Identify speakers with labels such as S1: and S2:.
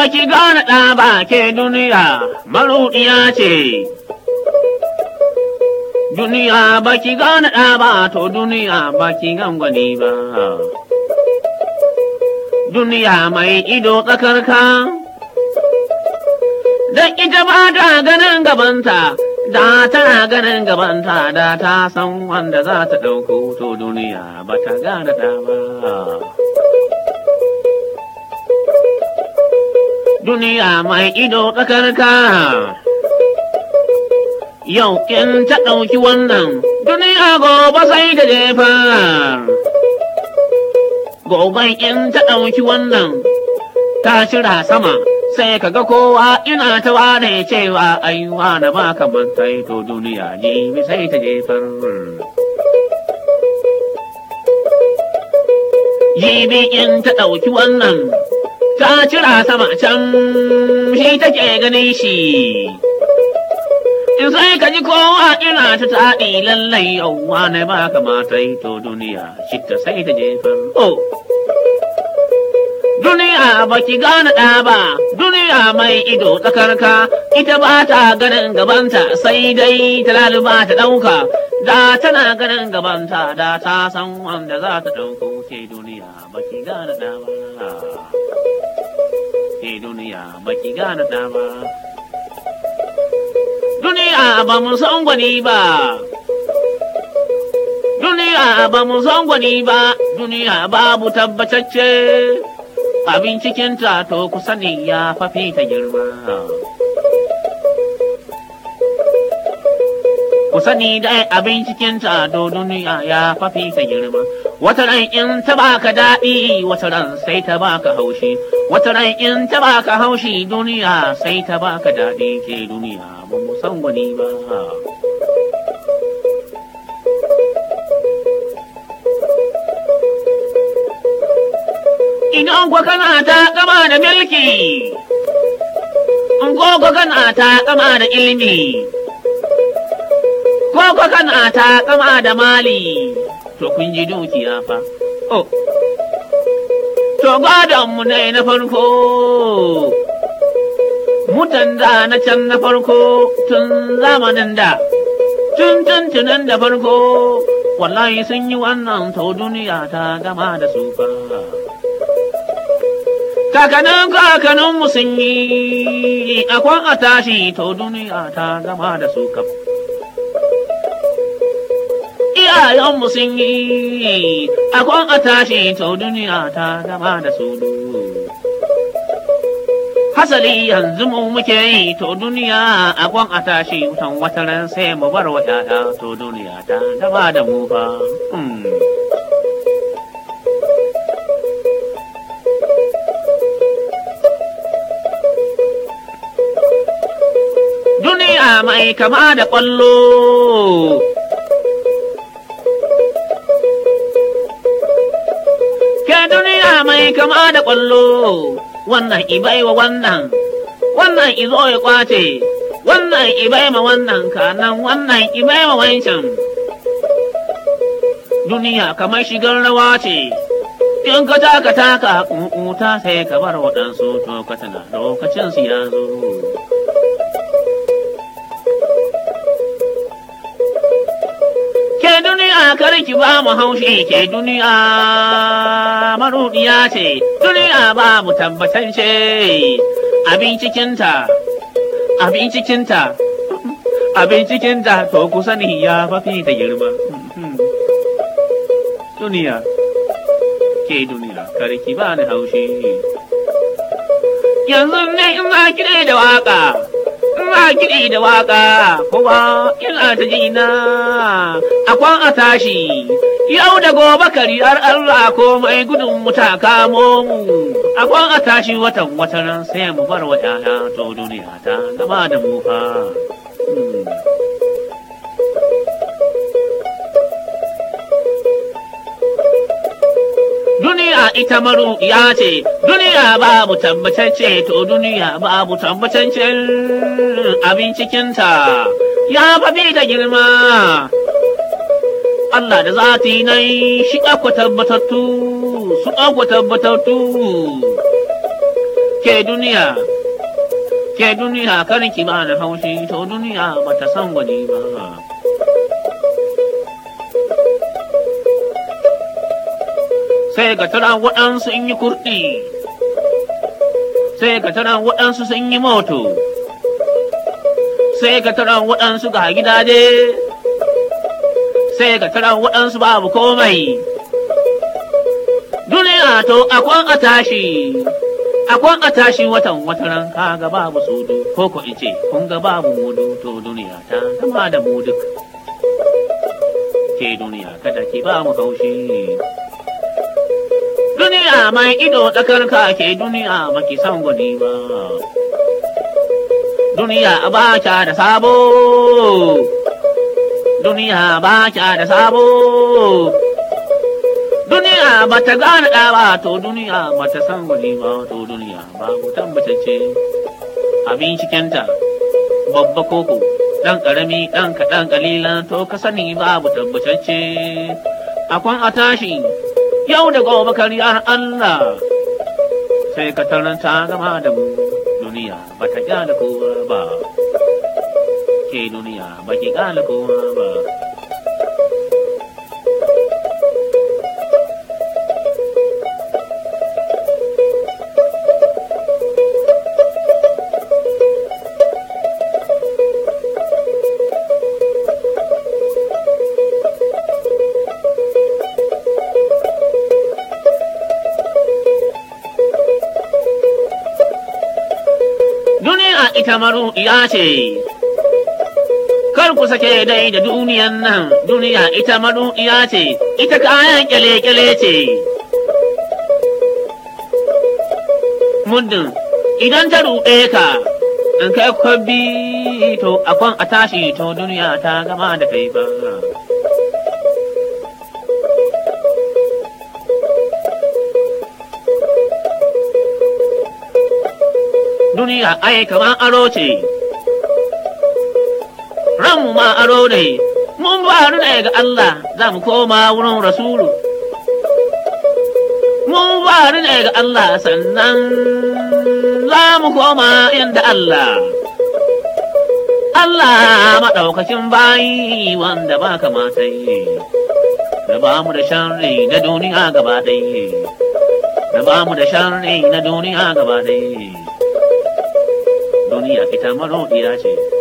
S1: baki gane ɗa ba ke duniya maruɗiya ce. Duniya baki gane ɗa ba to duniya baki gangwani ba. Duniya mai ido tsakarka, don ita ba ta ganin gabanta, da tana ganin gabanta da ta san wanda za ta ɗauko to duniya ba ta gane ɗa ba. duniya mai ido ka. Yau in ta ɗauki wannan, duniya gobe sai da jefa. Goben in ta ɗauki wannan, ta shira sama. sai kaga kowa ina ta wane cewa ai na ba ka mantai, to duniya jibi sai ta jefar. Jibi in ta ɗauki wannan ta cira sama can shi take gani shi. In sai ka ji kowa ina ta taɗi lallai yauwa na ba kamata yi to duniya shi ta sai ta jefar. Oh! Duniya ba ki gane ɗa ba, duniya mai ido tsakarka, ita ba ta ganin gabanta sai dai ta laluba ta ɗauka, da tana ganin gabanta da ta san wanda za ta ɗauko ke duniya ba ki gane ɗa ba. ne duniya baki gane da ba. Duniya ba mu san gwani ba. Duniya ba mu san gwani ba, duniya babu tabbatacce. Abin cikinta to ku sani ya fafi ta girma. ku sani dai abin cikin ta duniya ya fafi ta girma wata ran in ta baka daɗi wata ran sai ta baka haushi wata ran in ta baka haushi duniya sai ta baka daɗi ke duniya ba mu san wani ba Idan kwa kana ta kama da milki, in kana ta kama da ilimi. ko kan a kama da mali, to kun ji dukiya fa. Oh, to gadonmu ne na farko, mutan da na can na farko tun zamanin da, tun tunan da farko, wallahi sun yi wannan to duniya ta gama da su fa. Kakanin kakaninmu sun yi, akwai a tashi duniya ta gama da su iyayenmu sun yi akon a tashi to duniya ta gama da su hasali yanzu mu muke yi to duniya a akon a tashi wutan wataran sai mu bar wa 'ya'ya to duniya ta gama da mu ba. Hmm. duniya mai kama da ƙwallo Ke duniya mai kama da ƙwallo, wannan Ibai wa wannan, wannan izo ya kwace, wannan Ibai ma wannan kanan wannan Ibai ma wancan. Duniya kamar shigar rawa ce, in ka taka taka kukuta sai ka bar waɗansu to ka lokacin su ya zo. duniya kar ki ba mu haushi ke duniya maruɗiya ce duniya ba mu ce abin cikinta abin cikinta abin cikinta to ku sani ya fafi da girma duniya ke duniya kar ki ba ni haushi yanzu ne in ma kire da waka ba kiɗi da waƙa kowa ina ta jina akwan a tashi yau da gobe har Allah mai gudun muta kamo mu akwan a tashi watan wataran sai mu bar wata ta to duniya ta gaba da mu hmm. duniya ita ya ce, duniya babu tabbatacce to duniya babu tabbataccen abin cikinta, ya fafi da girma. Allah da za ta yi nan shi ɗauka tabbatattu, su akwa tabbatattu. Ke duniya, ke duniya karin ki ba da haushi, to duniya ba ta san gwani ba. sai ga tara waɗansu in yi kurɗi, sai ga tara waɗansu sun yi moto, sai ga tara waɗansu ga gidaje, sai ga tara waɗansu babu komai. Duniya to akwai a tashi, akwan a tashi watan wataran kaga babu sudu, ko ko in ce kun ga babu mudu to duniya ta kama da mudu. Ke duniya kada ki ba mu haushi. Duniya mai ido tsakar kake duniya maki san gudi ba. Duniya ba ta da sabo. Duniya ba ta da sabo. Duniya ba ta gane ba to duniya ba ta san gudi ba to duniya ba ku tabbatacce. Abin cikenta babba koko ɗan ƙarami ɗan kaɗan ƙalilan to ka sani babu tabbatacce. akwai a tashi yau da gobe kariyar Allah sai ka taranta zama da mu duniya ba ta kyale kowa ba ke duniya ba ki kyale kowa ba a ita maruɗiya ce. Kar ku sake dai da duniyan nan, duniya ita maruɗiya ce, ita kayan kyale-kyale ce. Muddin, idan ta ruɗe ka, in kai kwabi to akwai a tashi to duniya ta gama da kai ba. duniya ai kamar aro ce ranmu ma aro ne mun ba ne ga Allah za mu koma wurin rasulu mun ba ne ga Allah sannan za mu koma inda Allah Allah maɗaukacin bayi wanda ba kamata yi da ba mu da sharri na duniya gaba ɗaya da ba mu da sharri na duniya gaba ɗaya a y